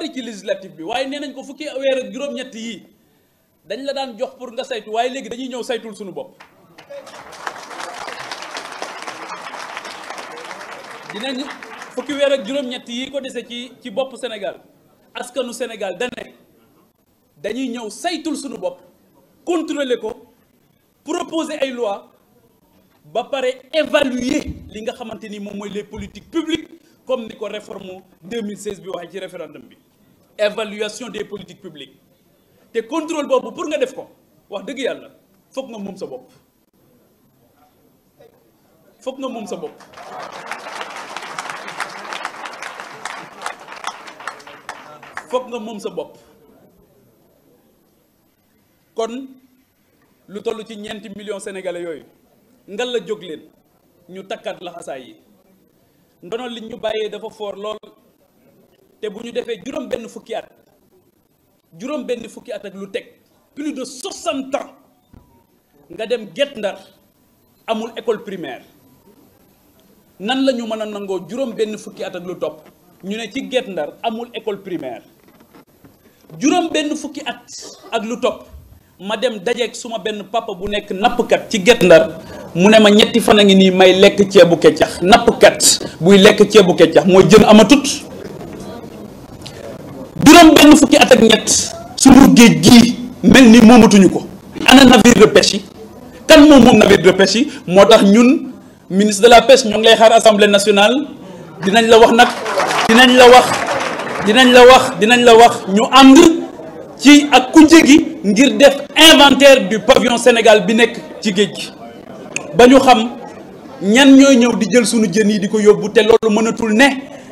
bari ci législative bi waaye nee nañ ko fukki weer ak juróom-ñett yi dañ la daan jox pour nga saytu waaye léegi dañuy ñëw saytul suñu bopp dinañ fukki weer ak juróom-ñett yi ko dese ci ci bopp Sénégal askanu Sénégal dane dañuy ñëw saytul suñu bopp contrôler ko proposer ay loi ba pare évaluer li nga xamante ni moom mooy les politiques publiques comme ni ko réforme 2016 bi waxee ci référendum bi évaluation des politiques publiques te contrôle boobu pour nga def ko wax dëgg yàlla foog nga moom sa bopp foog nga moom sa bopp foog nga moom sa bopp kon lu toll ci ñeenti million sénégalais yooyu ngal la jóg leen ñu takkaat la xasaay yi ndono li ñu bàyyee dafa foor lool te bu ñu defee juróom benn fukki at juróom benn fukki at ak lu teg plus de 60 ans nga dem Guet Ndar amul école primaire nan lañu mën a nangoo juróom benn fukki at ak lu topp ñu ne ci Guet Ndar amul école primaire juróom benn fukki at ak lu topp ma dem dajeeg suma benn papa bu nekk nappkat ci Guet Ndar mu ne ma ñetti fan a ngi nii may lekk ceebu keccax nappkat buy lekk ceebu keccax mooy jën amatut juróom benn fukki at ak ñett suñu géej gii mel ni moomatuñu ko ana navire de pêche yi kan moom moom navire de pêche moo tax ñun ministre de la pêche ñoo ngi lay xaar assemblée nationale dinañ la wax nag dinañ la wax dinañ la wax dinañ la wax ñu ànd ci ak kunje ngir def inventaire du pavillon Sénégal bi nekk ci géej gi ba ñu xam ñan ñooy ñëw di jël suñu jën yi di ko yóbbu te loolu mënatul ne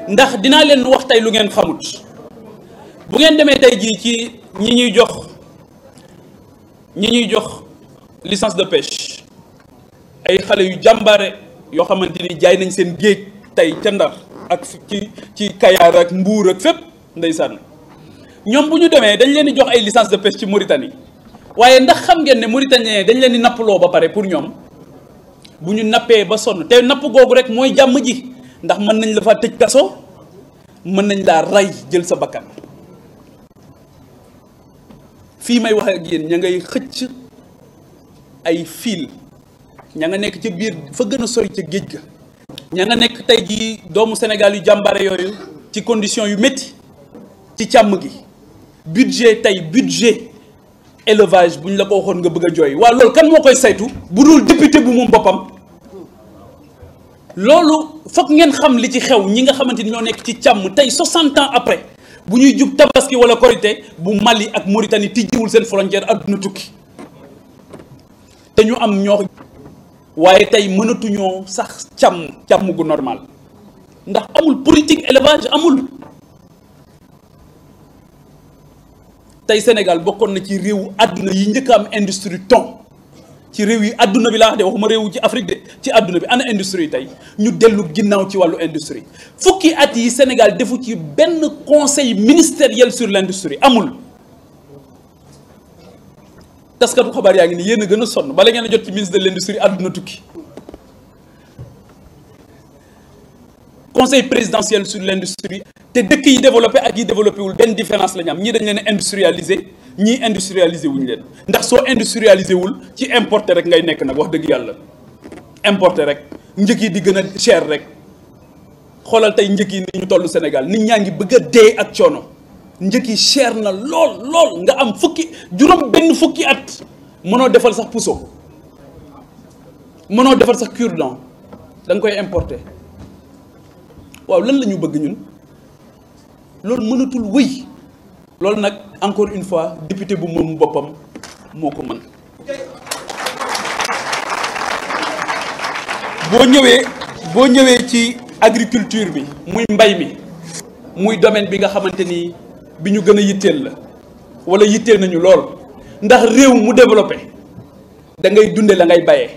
ndax dinaa leen wax tey lu ngeen xamut bu ngeen demee tey jii ci ñi ñuy jox ñi ñuy jox licence de pêche ay xale yu jàmbaare yoo xamante ni jaay nañ seen géej tey ca ndax ak ci ci Kayaar ak Mbuur ak fépp ndeysaan ñoom bu ñu demee dañ leen di jox ay licence de pêche ci Mauritanie waaye ndax xam ngeen ne Mauritaniens dañ leen di nappaloo ba pare pour ñoom bu ñu nappee ba sonn te napp googu rek mooy jàmm ji ndax mën nañ la fa tëj kaso mën nañ laa rey jël sa bakkan fii may wax ak yéen ña ngay xëcc ay fiil ña nga nekk ca biir fa gën a sori ca géej ga ña nga nekk tey jii doomu Sénégal yu jàmbare yooyu ci condition yu métti ci càmm gi budget tey budget élevage bu ñu la ko waxoon nga bëgg a jooy waaw loolu kan moo koy saytu bu dul député bu moom boppam loolu foog ngeen xam li ci xew ñi nga xamante ni ñoo nekk ci càmm tey 60 ans après bu ñuy jub tabaski wala korité bu Mali ak moritani tijjiwul seen frontière adduna tukki te ñu am ñoo waaye tey mënatuñoo sax càmm càmm gu normal ndax amul politique élevage amul tey Sénégal bokkoon na ci réewu àdduna yi njëkk am industrie thon ci réew yi àdduna bi laa wax de waxuma réew ci Afrique de ci adduna bi ana industrie yi tey ñu dellu ginnaaw ci wàllu industrie fukki at yi Sénégal defu ci benn conseil ministériel sur l'industrie amul taskatu xabaar yaa ngi ni yéen a gën a sonn bala ngeen a jot ci ministre de l'industrie adduna tukki conseil présidentiel sur l'industrie te dëkk yi développé ak yi développé wul benn différence la ñu am ñii dañ leen industrialiser ñii industrialiser wuñu leen ndax soo industrialiser wul ci importer rek ngay nekk nag wax dëgg yàlla importer rek njëg yi di gën a cher rek xoolal tey njëg yi ni ñu toll Sénégal nit ñaa ngi bëgg a dee ak coono njëg yi cher na lool lool nga am fukki juróom benn fukki at mënoo defal sax puso mënoo defal sax cure-dent koy importer waaw lan la ñu bëgg ñun. loolu mënatul wëy loolu nag encore une fois député bu moom boppam moo ko mën boo ñëwee boo ñëwee ci agriculture bi muy mbay mi muy domaine bi nga xamante ni bi ñu gën a yitteel la wala yitteel nañu lool ndax réew mu développé da ngay dunde la ngay bayee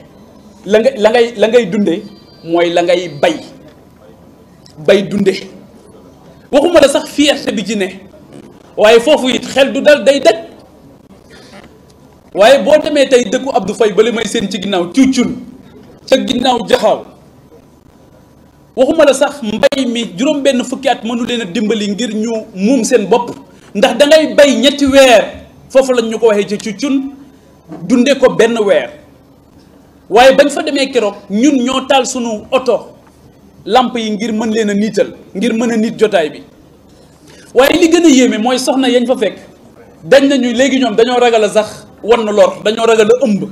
la ngay la ngay la ngay dunde mooy la ngay bay bay dunde waxuma la sax fierté bi ci waaye foofu it xel du dal day daj waaye boo demee tey dëkku Abdou Faye bale may seen ci ginnaaw cuccun ca ginnaaw jaxaaw waxuma la sax mbay mi juróom benn fukki at mënu leen a dimbali ngir ñu muum seen bopp ndax da bay ñetti weer foofu lañ ñu ko waxee ci cuccun dunde ko benn weer waaye bañ fa demee keroog ñun ñoo taal sunu oto làmp yi ngir mën leen a niital ngir mën a niit jotaay bi waaye li gën a yéeme mooy soxna yañ fa fekk dañ nañu léegi ñoom dañoo ragal a sax wan na lor dañoo ragal a ëmb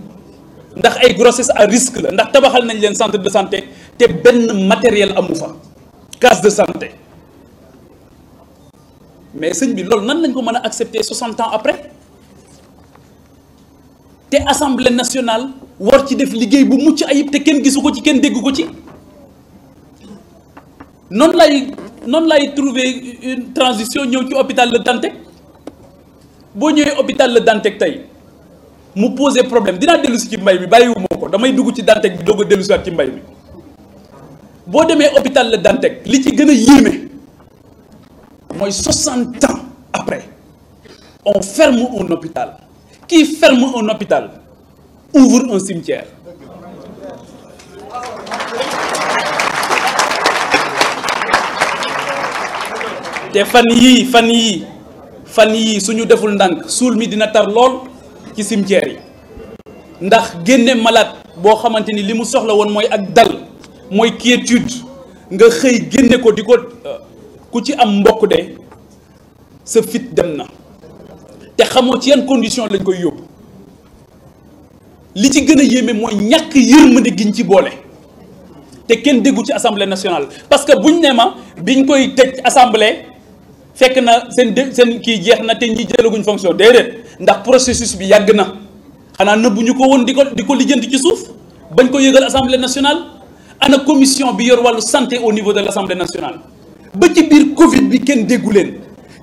ndax ay grossesse à risque la ndax tabaxal nañ leen centre de santé te benn matériel amu fa case de santé mais sëñ bi loolu nan lañ ko mën a accepter 60 ans après te assemblée nationale war ci def liggéey bu mucc ayib te kenn gisu ko ci kenn dégg ko ci noonu lay noonu lay trouver une transition ñëw ci hôpital Le Dantec boo ñëwee hôpital Le Dantec tey mu poser problème dinaa dellu si ci mbay mi bàyyiwuma ko damay dugg ci Dantec bi doog a dellu ci mbay mi boo demee hôpital Le Dantec li ci gën a yéeme mooy 60 ans après on ferme un hôpital qui ferme un hôpital ouvre un cimetière te fan yii fan yii fan yii suñu deful ndànk suul mi dina tar lool ci cimetière yi ndax génne malaat boo xamante ni li mu soxla woon mooy ak dal mooy quiétude nga xëy génne ko di ko ku ci am mbokk de sa fit dem na te xamoo ci yan condition lañ koy yóbbu li ci gën a yéeme mooy ñàkk yërmande giñ ci boole te kenn déggu ci assemblée nationale parce que buñ ne ma biñ koy tëj assemblée fekk na seen dé seen kii jeex na te ñi jëlaguñ fonction déedéet ndax processus bi yàgg na xanaa nëbbu ñu ko woon di ko di ko lijjanti ci suuf bañ ko yëgal assemblée nationale ana commission bi yor wàllu santé au niveau de l' assemblée nationale. ba ci biir Covid bi kenn déggu leen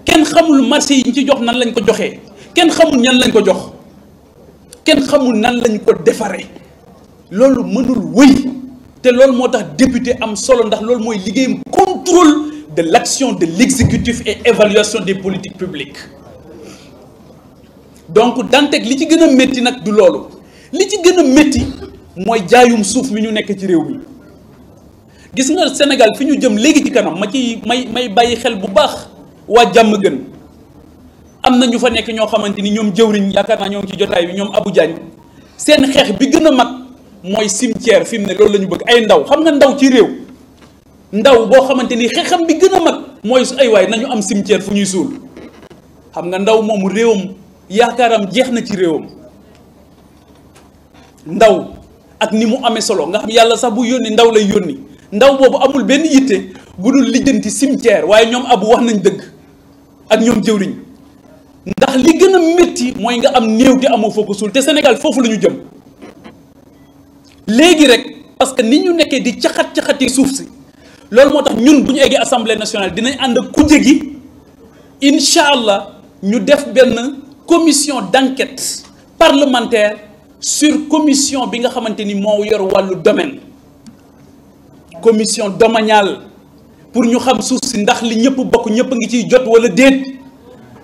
kenn xamul marché yi ñu ci jox nan lañ ko joxee kenn xamul ñan lañ ko jox kenn xamul nan lañ ko defaree loolu mënul wëy te loolu moo tax député am solo ndax loolu mooy liggéeyam contrôle. de l'action de l'exécutif et évaluation des politiques publiques donc Dantec li ci gën a métti nag du loolu li ci gën a métti mooy jaayum suuf mi ñu nekk ci réew mi gis nga Sénégal fi ñu jëm léegi ci kanam ma ci may may bàyyi xel bu baax waa jàmm gën am na ñu fa nekk ñoo xamante ni ñoom jëwriñ yaakaar naa ñoo ngi ci jotaay bi ñoom Abou Diagne seen xeex bi gën a mag mooy cimetière fi mu ne loolu la ñu bëgg ay ndaw xam nga ndaw ci réew ndaw boo xamante ni xexam bi gën a mag mooy ay waay nañu am cimetière fu ñuy suul xam nga ndaw moomu réewam yaakaaram jeex na ci réewam ndaw ak ni mu amee solo nga yàlla sax bu ndaw lay yónni ndaw boobu amul benn yitte bu dul lijjanti waaye ñoom abu wax nañ dëgg ak ñoom jëwriñ ndax li gën a métti mooy nga am néew te amoo foo ko suul te Sénégal foofu lañu ñu jëm léegi rek parce que ni ñu nekkee di caxat caxati suuf si. loolu moo tax ñun bu ñu eggee assemblée nationale dinañ ànd ak kuje gi incha allah ñu def benn commission d'enquête parlementaire sur commission bi nga xamante ni moo yor wàllu domaine commission domaniale pour ñu xam suuf si ndax li ñëpp bokk ñëpp ngi ciy jot wala déet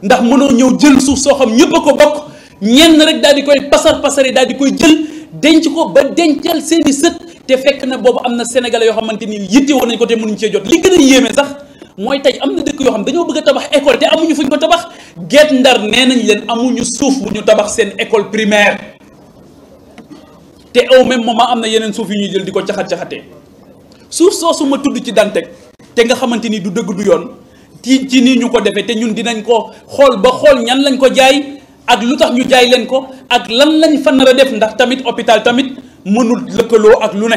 ndax mënoo ñëw jël suuf soo xam ñëpp a ko bokk ñenn rek daal di koy pasar pasar yi daal di koy jël denc ko ba dencal seeni sët. te fekk na boobu am na sénégal yoo xamante ni yitte woon nañ ko te mënuñ cee jot li gën a yéeme sax mooy tey am na dëkk yoo xam dañoo bëgg a école te amuñu fuñ ko tabax Guet Ndar nee nañ leen amuñu suuf ñu tabax seen école primaire te au même moment am na yeneen suuf yu ñuy jël di ko caxat-caxatee suuf soosu ma tudd ci Dantec te nga xamante ni du dëgg du yoon ci ci nii ñu ko defee te ñun dinañ ko xool ba xool ñan lañ ko jaay ak lu tax ñu jaay leen ko ak lan lañ fa nar def ndax tamit hôpital tamit mënul lëkkaloo ak lu ne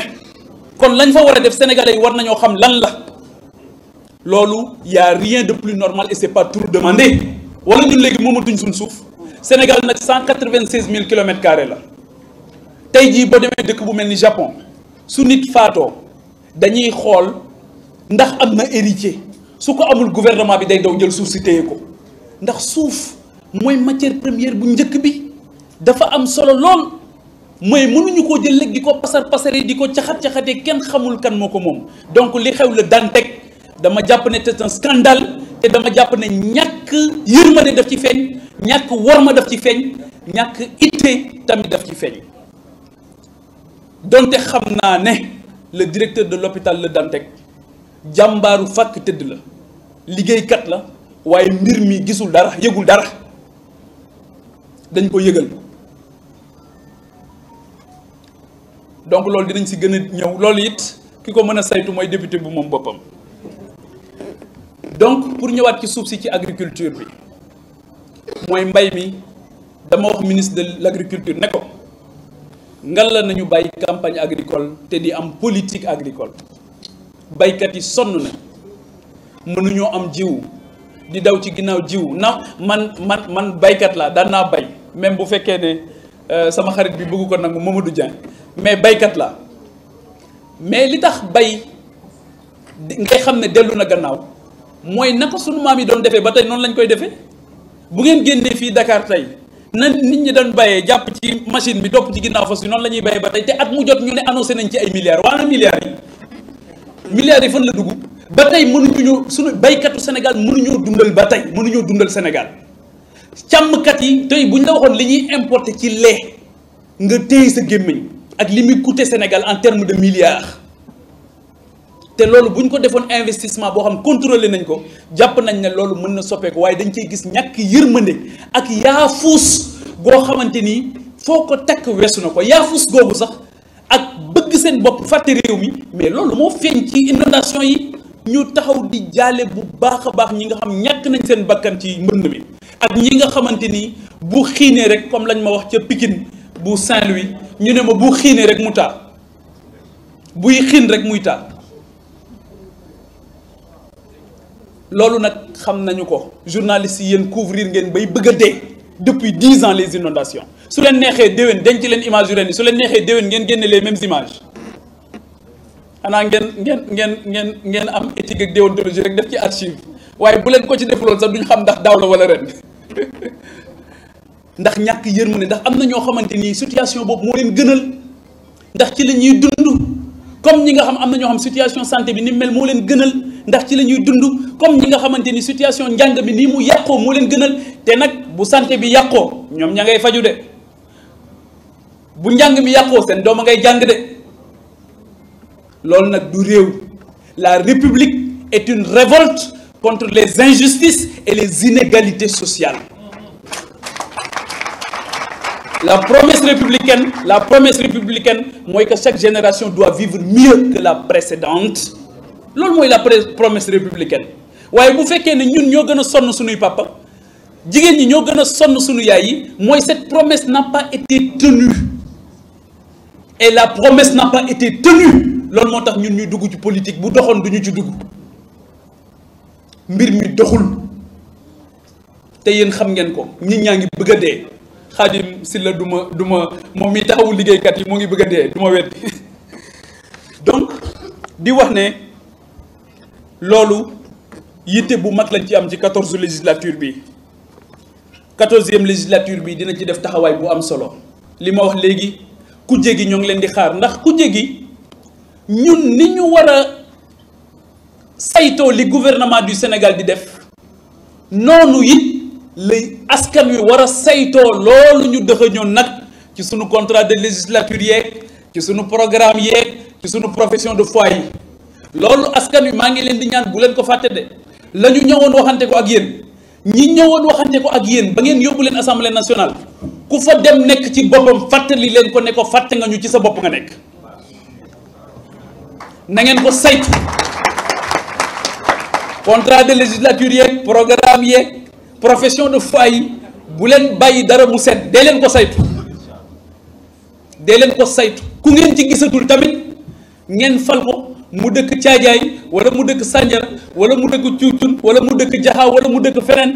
kon lañ fa war a def sénégalais yi war nañoo xam lan la loolu y a rien de plus normal et c'est pas tour demandé wala ñun léegi moomatuñ suñ suuf Sénégal nag cent quatre vingt seize mille kilomètres carrés la tey jii boo demee dëkk bu mel ni Japon su nit faatoo dañuy xool ndax am na héritier su ko amul gouvernement bi day daw jël suuf si téye ko ndax suuf mooy matière première bu njëkk bi dafa am solo lool. mooy mënuñu koo jël léegi di ko pasar pasare di ko caxat caxatee kenn xamul kan moo ko moom donc li xew la Dantec dama jàpp ne c'est un scandale te dama jàpp ne ñàkk yërmande daf ci feeñ ñàkk ma daf ci feeñ ñàkk itte tamit daf ci feeñ donte xam naa ne le directeur de l'hôpital la Dantec jàmbaaru fàkk tëdd la liggéeykat la waaye mbir mi gisul dara yëgul dara dañ ko yëgal. donc loolu dinañ si gën a ñëw loolu it ki ko mën a saytu mooy député bu moom boppam donc pour ñëwaat ci suuf si ci agriculture bi mooy mbay mi dama wax ministre de l'agriculture ne ko ngal la ñu bàyyi campagne agricole te di am politique agricole baykat yi sonn na mënuñoo am jiw di daw ci ginnaaw jiw na man man man baykat laa daan naa bay même bu fekkee ne euh, sama xarit bi bëgg ko nangu du Dieng mais baykat la mais li tax bay ngay xam ne dellu na gannaaw mooy ko sunu maam yi doon defee ba tey noonu lañu koy defee bu ngeen génnee fii dakaar tey na nit ñi daan bayee jàpp ci machine bi topp ci ginnaaw fas yi noonu la ñuy bayee ba tey te at mu jot ñu ne annoncé nañ ci ay milliards waana milliards yi milliards yi fan la dugub ba tey mënuñu ñu sunu baykatu Sénégal mënuñoo dundal ba tey mënuñoo dundal Sénégal càmmkat yi tey bu ñu la waxoon li ñuy importé ci lee nga téye sa gémmiñ ak li muy Sénégal en terme de milliards te loolu buñ ko defoon investissement boo xam contrôlé nañ ko jàpp nañ ne loolu mën na soppeeku waaye dañ cey gis ñàkk yërmande ak yaafuus goo xamante ni foo ko takk weesu na ko yaafuus googu sax ak bëgg seen bopp fàtte réew mi mais loolu moo feeñ ci inondation yi ñu taxaw di jaale bu baax baax ñi nga xam ñàkk nañ seen bakkan ci mbënd mi ak ñi nga xamante ni bu xiinee rek comme lañ ma wax ca pikin bu Saint-Louis ñu ne ma bu xiinee rek mu taa buy xiin rek muy taa loolu nag xam nañu ko journaliste yi yéen couvrir ngeen bay bëgg a dee depuis dix ans les inondations su leen neexee déwén denc leen image yu ren yi su leen neexee déwén ngeen génne les mêmes images xanaa ngeen ngeen ngeen ngeen ngeen am éthique ak déontologie rek def ci archive waaye bu leen ko ci defuloon sax duñ xam ndax daaw la wala ren ndax ñàkk mu ne ndax am na ñoo xamante ni situation boobu moo leen gënal ndax ci la ñuy dund comme ñi nga xam am na ñoo xam situation santé bi ni mel moo leen gënal ndax ci la ñuy dund comme ñi nga xamante ni situation njàng nii mu yàqoo moo leen gënal te nag bu santé bi yàqoo ñoom ña ngay faju de bu njàng mi yàqoo seen doom a ngay jàng de loolu nag du réew la république est une révolte contre les injustices et les inégalités sociales La promesse républicaine, la promesse républicaine, moi que chaque génération doit vivre mieux que la précédente. loolu mooy la promesse républicaine waaye bu fekkee ne ñun ñoo gën a sonn suñuy papa jigéen ñi ñoo gën a sonn sunu yaay yi mooy cette promesse n'a pas été tenue et la promesse n'a pas été tenue loolu moo tax ñun ñuy dugg ci politique bu doxoon du ci dugg mbir mi doxul te yéen xam ngeen ko nit ñaa ngi bëgg a dee xaadim si la duma ma moom mi taxawu liggéeykat yi mu ngi bëgg a dee du ma donc di wax ne loolu yitte bu mag lañ ci am ci quatorze législature bi quatorzième législature bi dina ci def taxawaay bu am solo li ma wax léegi ku jégi ñoo ngi leen di xaar ndax ku jégi ñun ni ñu war sayto li gouvernement du Sénégal di def noonu it lay askan wi war a saytoo loolu ñu dëxëñoon nag ci sunu contrat de législature yeeg ci sunu programme yeeg ci sunu profession de fois yi loolu askan wi maa ngi leen di ñaan bu leen ko fàtte de la ñu ñëwoon waxante ko ak yéen ñi ñëwoon waxante ko ak yéen ba ngeen yóbbu leen assemblée nationale ku fa dem nekk ci boppam fàttali leen ko ne ko fàtte nga ñu ci sa bopp nga nekk na ngeen ko saytu contrat de législature yeeg programme yeeg. profession de fois yi bu leen bàyyi dara mu set dee leen ko saytu dee leen ko saytu ku ngeen ci gisatul tamit ngeen fal ko mu dëkk caajaay wala mu dëkk sànjar wala mu dëkk cuucun wala mu dëkk jaxaaw wala mu dëkk feneen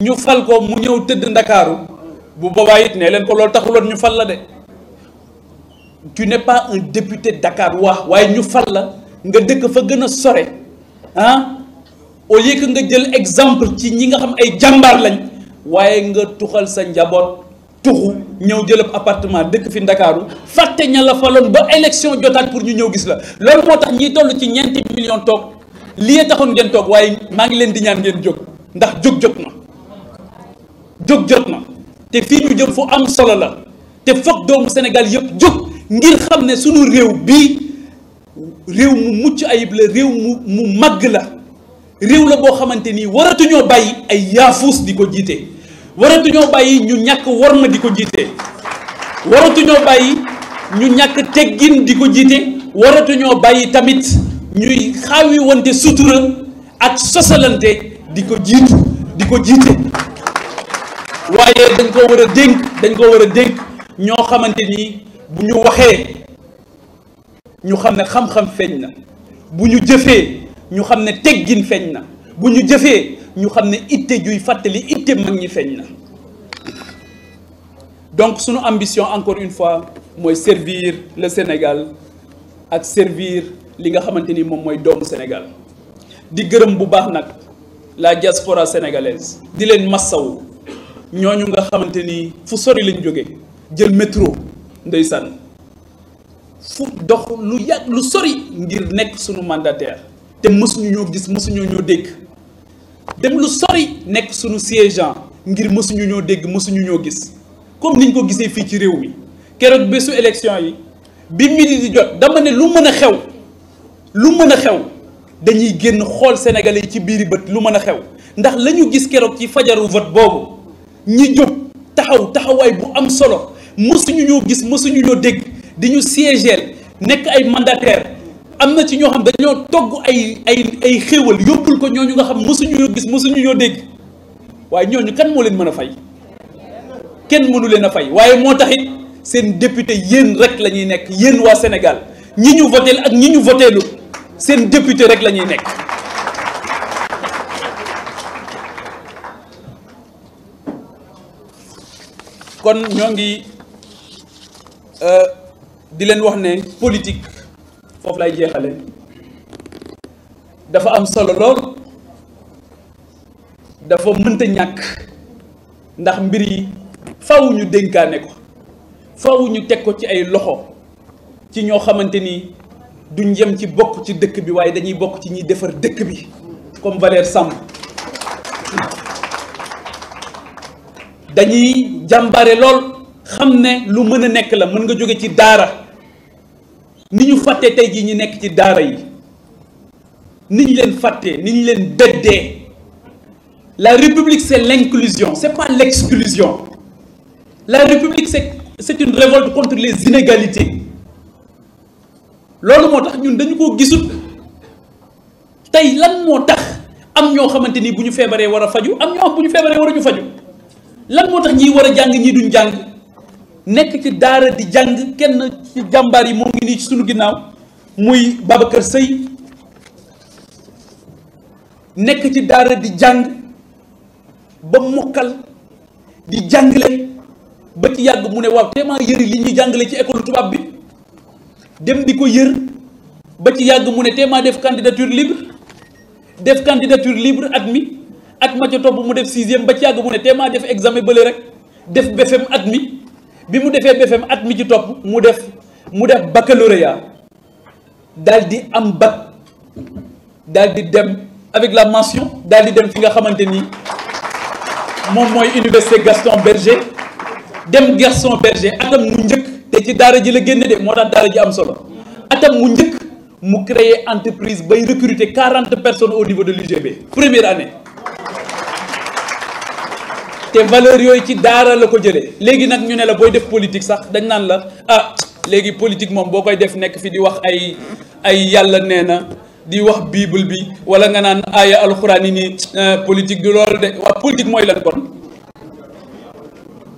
ñu fal ko mu ñëw tëdd ndakaaru bu boobaa it nee leen ko loolu taxuloon ñu fal la de tu n'es pas un député Dakar waa waaye ñu fal la nga dëkk fa gën a sore ah au lieu nga jël exemple ci ñi nga xam ay jàmbaar lañ waaye nga tuxal sa njaboot tuxu ñëw jël ab appartement dëkk fi ndakaaru fàtte ña la faloon ba élection jotaat pour ñu ñëw gis la loolu moo tax ñiy toll ci ñeenti million toog lii taxoon ngeen toog waaye maa ngi leen di ñaan ngeen jóg ndax jóg jot na jóg jot na te fii ñu jëm fu am solo la te foog doomu Sénégal yëpp jóg ngir xam ne sunu réew bii réew mu mucc ayib la réew mu mu màgg la réew la boo xamante ni waratuñoo bàyyi ay yaafuus di ko jiite waratuñoo bàyyi ñu ñàkk war ma di ko jiite waratuñoo bàyyi ñu ñàkk teggin di ko jiite waratuñoo bàyyi tamit ñuy xaawi wante sutura ak sosalante di ko jiitu di ko jiite waaye dañ ko war a dañ ko war a dénk ñoo xamante ni bu ñu waxee ñu xam ne xam-xam feeñ na bu ñu jëfee ñu xam ne teggin feeñ na bu ñu jëfee ñu xam ne itte juy fàttali itte mag ñi feeñ na donc sunu ambition encore une fois mooy servir le Sénégal ak servir li nga xamante ni moom mooy doomu Sénégal di gërëm bu baax nag la diaspora sénégalaise di leen massaw ñooñu nga xamante ni fu sori lañ jóge jël métro ndeysaan fu dox lu yàgg lu sori ngir nekk sunu mandataire te mësuñu ñoo gis mësuñoo ñoo dégg dem lu sori nekk suñu siégeant ngir mësuñu ñoo dégg mësuñu ñoo gis comme niñ ko gisee fii ci réew mi keroog bésu élection yi bi midi di jot dama ne lu mën a xew lu mën a xew dañuy génn xool sénégalais yi ci biiri bët lu mën a xew ndax lañu gis keroog ci fajaru vote boobu ñi jóg taxaw taxawaay bu am solo mësuñu ñoo gis mësuñu ñoo dégg di ñu siégeel nekk ay mandataire am na ci ñoo xam dañoo togg ay ay ay xéewal yóbbul ko ñu nga xam mosuñu ñoo gis mosuñu ñoo dégg waaye ñooñu kan moo leen mën a fay kenn mënu leen a fay waaye moo taxit seen député yéen rek lañuy nekk yéen waa Sénégal ñi ñu voté ak ñi ñu votélu seen député rek lañuy nekk. kon ñoo ngi euh, di leen wax ne politik foofu lay jeexale dafa am solo lool dafa mënta ñàkk ndax mbir yi faw ñu ko faw teg ko ci ay loxo ci ñoo xamante ni duñ yem ci bokk ci dëkk bi waaye dañuy bokk ci ñiy defar dëkk bi comme Valère sàmm dañuy jàmbare lool xam ne lu mën a nekk la mën nga jóge ci daara ni ñu fàttee tey jii ñi nekk ci daara yi ni ñu leen fàtte ni ñu leen beddee la république c'est l'inclusion c'est pas l'exclusion la république c'est c'est une révolte contre les inégalités loolu moo tax ñun dañu ko gisut tey lan moo tax am ñoo xamante ni bu ñu feebaree war a faju am ñoo xam bu ñu feebaree war a ñu faju lan moo tax ñii war a jàng ñii duñ jàng nekk ci daara di jàng kenn ci jàmbaar yi moo ngi nii ci sunu ginnaaw muy Babacar Seye nekk ci daara di jàng ba mokkal di jàngale ba ci yàgg mu ne waaw tellement yëri li ñuy jàngale ci école tubaab bi dem di ko yër ba ci yàgg mu ne tellement def candidature libre def candidature libre at mi at ma ca topp mu def sixième ba ci yàgg mu ne tellement def examen bële rek def BFEM at mi bi mu defee BFM at mi ci topp mu def mu def baccalauréat daal di am bac daal di dem avec la mention daal di dem fi nga xamante ni moom mooy université Gaston Berger dem Gaston Berger atam mu njëkk te ci daara ji la génne de moo tax daara ji am solo atam mu njëkk mu créer entreprise bay recruter quarante personnes au niveau de l'UGB première année te valeur yooyu ci daara la ko jëlee léegi nag ñu ne la booy def politique sax dañ naan la ah léegi politique moom boo koy def nekk fi di wax ay ay yàlla nee na di wax bible bi wala nga naan aaya alxuraan yi ni eh, politique du loolu de waa politique mooy lan kon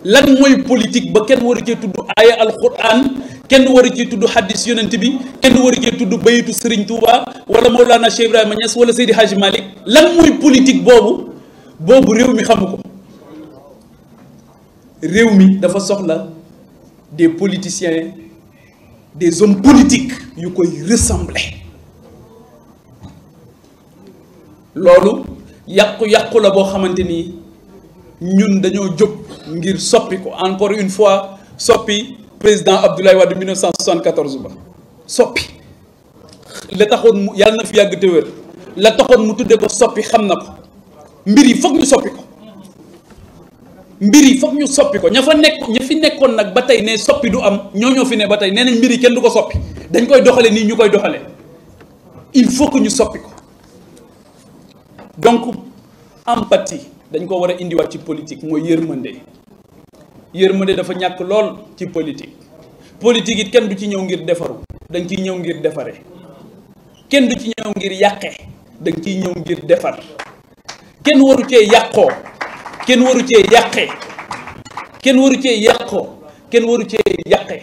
lan mooy politique ba kenn waru cee tudd aaya alxuraan kenn waru cee tudd xaddis yonant bi kenn waru cee tudd bayitu Serigne Touba wala Mawlana Cheikh Ibrahima Niass wala Seydi Hadji malik lan mooy politique boobu boobu réew mi xamu ko. réew mi dafa soxla des politiciens des hommes politiques yu koy ressembler loolu yàqu-yàqu la boo xamante ni ñun dañoo jóg ngir soppi ko encore une fois soppi président Abdoulaye Wade 1974 ba soppi la taxoon mu yàlla na fi yàgg te la taxoon mu tudde ko soppi xam na ko mbir yi foog ñu soppi ko mbir yi foog ñu soppi ko ña fa nekk ña fi nekkoon nag ba tey ne soppi du am ñoo ñoo fi ne ba tey nee nañ mbir yi kenn du ko soppi dañ koy doxale nii ñu koy doxale il faut que ñu soppi ko donc empathie dañ ko war a indiwaat ci politique mooy yërmande yërmande dafa ñàkk lool ci politique politique it kenn du ci ñëw ngir defaru dañ ciy ñëw ngir defare kenn du ci ñëw ngir yàqe dañ ciy ñëw ngir defar kenn waru cee yàqoo kenn waru cee yàqe kenn waru cee yàqoo kenn waru cee yàqe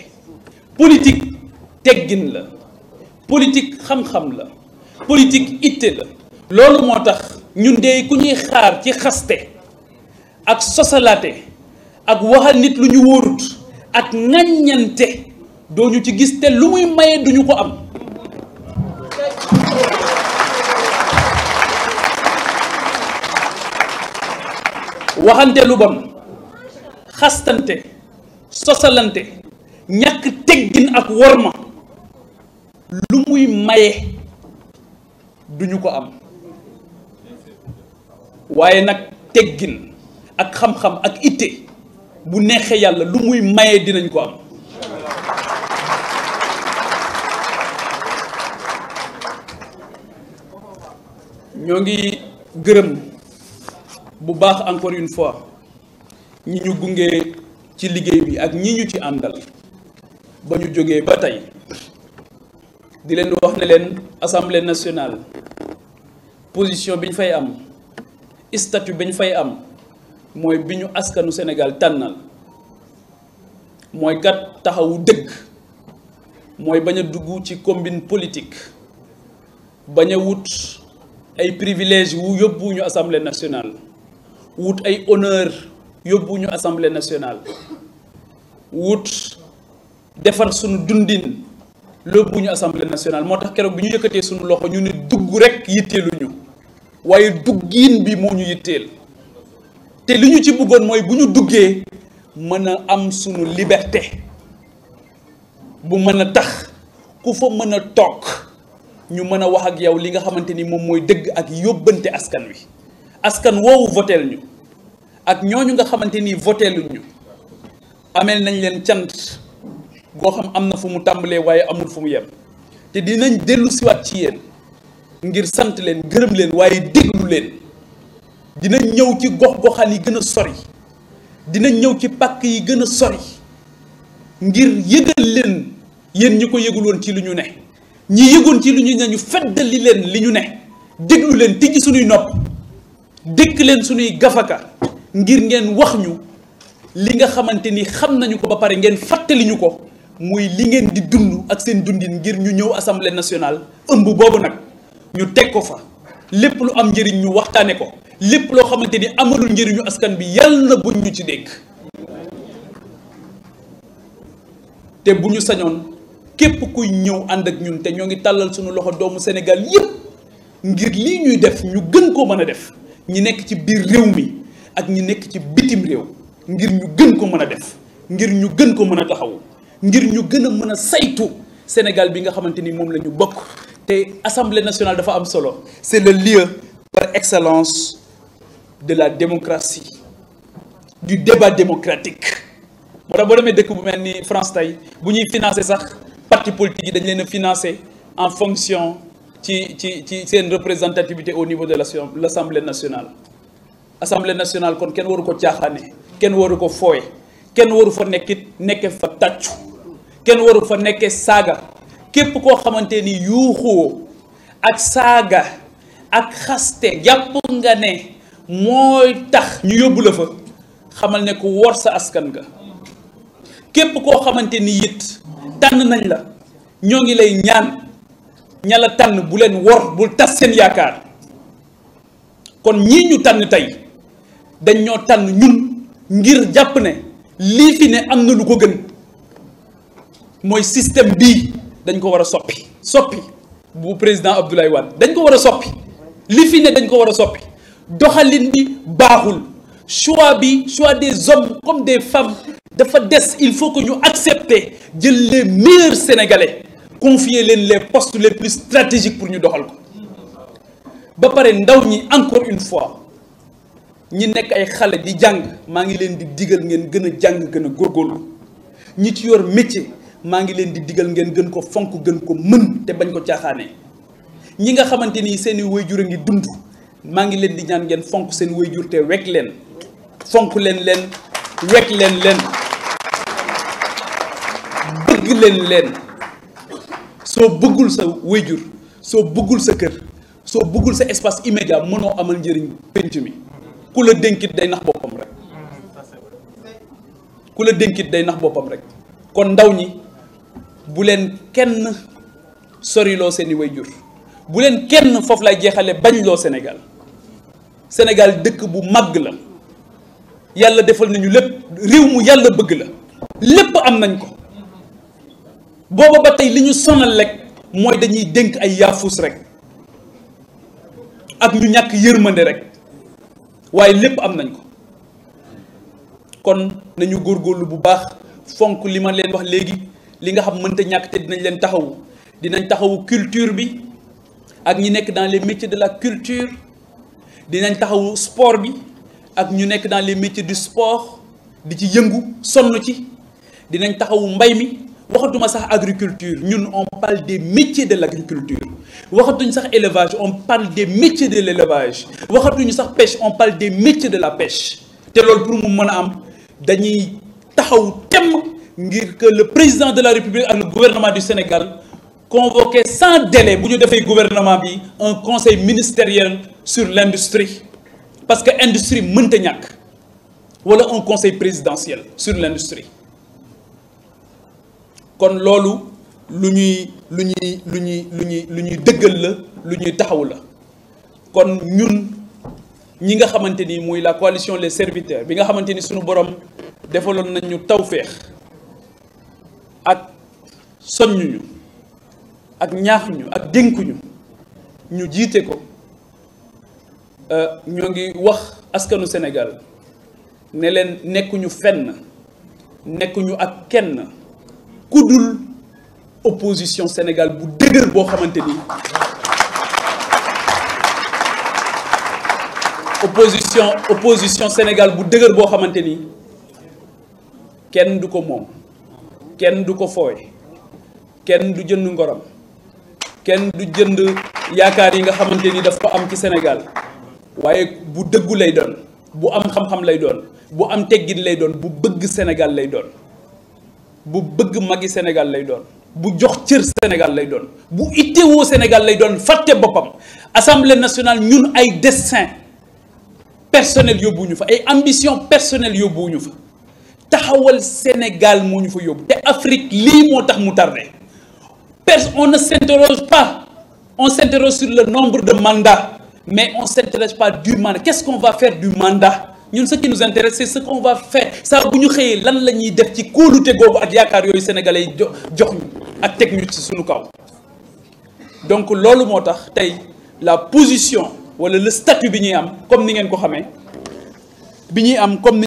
politique teggin la politik xam-xam la politik ite la loolu moo tax ñun de ku ñuy xaar ci xaste ak sosalaate ak waxal nit lu ñu wóorut ak ŋàññante doo ñu ci gis te lu muy maye duñu ko am waxante lu bon xastante sosalante ñàkk teggin ak worma lu muy maye duñu ko am waaye nag teggin ak xam-xam ak itte bu neexee yàlla lu muy maye dinañ ko am ñoo ngi gërëm bu baax encore une fois ñi ñu gunge ci liggéey bi ak ñi ñu ci àndal ba ñu jógee ba tey di leen wax ne leen assemblée nationale position biñ fay am statu bi fay am mooy bi ñu askanu Sénégal tànnal mooy kat taxawu dëgg mooy bañ a dugg ci combine politique bañ wut ay privilège wu yóbbu ñu assemblée nationale wut ay honneur yóbbu ñu assemblée nationale wut defar sunu dundin lóbbu ñu assemblée nationale moo tax keroog bi ñu yëkkatee sunu loxo ñu ne dugg rek yitteeluñu waaye duggiin bi moo ñu yitteel te li ñu ci bëggoon mooy bu ñu duggee mën a am suñu liberte bu mën a tax ku fa mën a toog ñu mën a wax ak yow li nga xamante ni moom mooy dëgg ak yóbbante askan wi askan woowu voteel ñu ak ñooñu nga xamante ni voteeluñ ñu ameel nañ leen cant goo xam am na fu mu tàmbalee waaye amul fu mu yem te dinañ dellu siwaat ci yéen ngir sant leen gërëm leen waaye déglu leen dinañ ñëw ci gox-goxaan yi gën a sori dinañ ñëw ci pàkk yi gën a sori ngir yëgal leen yéen ñi ko yëgul ci lu ñu ne ñi yëgoon ci lu ñu ne ñu feddali leen li ñu ne déglu leen tijji suñuy nopp dékk leen suñuy gafaka ngir ngeen wax ñu li nga xamante ni xam nañu ko ba pare ngeen fàttali ñu ko muy li ngeen di dund ak seen dundin ngir ñu ñëw assemblée national ëmb boobu nag ñu teg ko fa lépp lu am njëriñ ñu waxtaane ko lépp loo xamante ni amalul njëriñu askan bi na buñ ñu ci dégg te bu ñu sañoon képp kuy ñëw ànd ak ñun te ñoo ngi tàllal suñu loxo doomu Sénégal yépp ngir lii ñuy def ñu gën koo mën a def ñi nekk ci biir réew mi ak ñi nekk ci bitim réew ngir ñu gën ko mën a def ngir ñu gën ko mën a taxawu ngir ñu gën a mën a saytu Sénégal bi nga xamante ni moom la ñu bokk te assemblée nationale dafa am solo c'est le lieu par excellence de la démocratie du débat démocratique moo tax boo demee dëkk bu mel ni France tey bu ñuy financer sax parti politique yi dañ leen a financer en fonction ci ci ci seen représentativité au niveau de l' assemblée nationale assemblée nationale kon kenn waru ko caaxaane kenn waru ko fooye kenn waru fa nekkit nekke fa tàccu kenn waru fa nekke saaga képp koo xamante ni yuuxoo ak saaga ak xaste jàpp nga ne mooy tax ñu yóbbu fa xamal ne ku wor sa askan nga képp koo xamante ni it tànn nañ la ñoo ngi lay ñaan ñala tànn bu leen wor bul tas seen yaakaar kon ñii ñu tànn tey dañ ñoo tànn ñun ngir jàpp ne lii fi ne am na lu ko gën mooy système bi dañ ko war a soppi soppi bu président Abdoulaye Wade dañ ko war a soppi li fi ne dañ ko war a soppi doxalin bi baaxul choix bi choix des hommes comme des femmes dafa des il faut que ñu accepter jël les meilleurs sénégalais confier leen les postes les plus stratégiques pour ñu doxal ko ba pare ndaw ñi encore une fois ñi nekk ay xale di jàng maa ngi leen di digal ngeen gën a jàng gën a góorgóorlu ñi ci yor métier maa ngi leen di digal ngeen gën ko fonk gën ko mën te bañ ko caaxaanee ñi nga xamante ni seeni wayjur a ngi dund maa ngi leen di ñaan ngeen fonk seen wayjur te wekk leen fonk leen leen wekk leen leen bëgg leen leen soo bëggul sa wéjur soo bëggul sa kër soo bëggul sa espace immédiat mënoo amal njariñ pénc mi ku la dénkit day nax boppam rek ku la dénkit day nax boppam rek kon ndaw ñi bu leen kenn soriloo seeni wéjur bu leen kenn foofu lay jeexale bañ loo Sénégal Sénégal dëkk bu màgg la yàlla defal nañu lépp réew mu yàlla bëgg la lépp am nañ ko booba ba tey li ñu sonal rek mooy dañuy dénk ay yaafus rek ak ñu ñàkk yërmande rek waaye lépp am nañ ko kon nañu góor góorlu bu baax fonk li ma leen wax léegi li nga xam mënta ñàkk te dinañ leen taxawu dinañ taxawu culture bi ak ñu nekk dans les métier de la culture dinañ taxawu spoor bi ak ñu nekk dans les métiers du sport di ci yëngu sonn ci dinañ taxawu mbay mi waxatuma sax agriculture ñun on parle des métier de l' agriculture waxatuñu sax élevage on parle des métiers de l' élevage waxatuñu sax pêche on parle des métiers de la pêche te pour mu mën a am dañuy taxaw temm ngir que le président de la république ak le gouvernement du Sénégal convoqué sans délai bu ñu defee gouvernement bi un conseil ministériel sur l' industrie parce que industrie mënta ñàkk wala un conseil présidentiel sur l' industrie kon loolu lu ñuy lu ñuy lu ñuy lu ñuy lu ñuy dëggal la lu ñuy taxaw la kon ñun ñi nga xamante ni muy la coalition les serviteurs bi nga xamante ni suñu borom defaloon nañ ñu tawféex ak soññuñu ak ñaaxuñu ak dénkuñu ñu jiite ko euh, ñoo ngi wax askanu Sénégal ne leen nekkuñu fenn nekkuñu ak kenn ku opposition Sénégal bu dëgër boo xamante ni opposition opposition Sénégal bu dëgër boo xamante ni kenn du ko moom kenn du ko fooy kenn du jënd ngoram kenn du jënd yaakaar yi nga xamante ni dafa am ci Sénégal waaye bu dëggu lay doon bu am xam-xam lay doon bu am teggin lay doon bu bëgg Sénégal lay doon bu bëgg magi Sénégal lay doon bu jox cër Sénégal lay doon bu ittewoo Sénégal lay doon fàtte boppam assemblée nationale ñun ay destin personnel yóbbuwuñu fa ay ambition personnelle yóbbuwuñu fa taxawal Sénégal moo ñu fa yóbbu te Afrique lii moo tax mu tardé pers on ne s'interroge pas on s'interroge sur le nombre de mandats mais on s'interroge pas du mandat qu'est-ce qu'on va faire du mandat ñun ce qui nous intéresse c'est ce qu'on va faire saa bu ñu xëyee lan la ñuy def ci kóolute googu ak yaakaar yooyu sénégalais yi jox ñu ak teg ñu ci suñu kaw donc loolu moo tax tey la position wala le statut bi ñuy am comme ni ngeen ko xamee bi ñuy am comme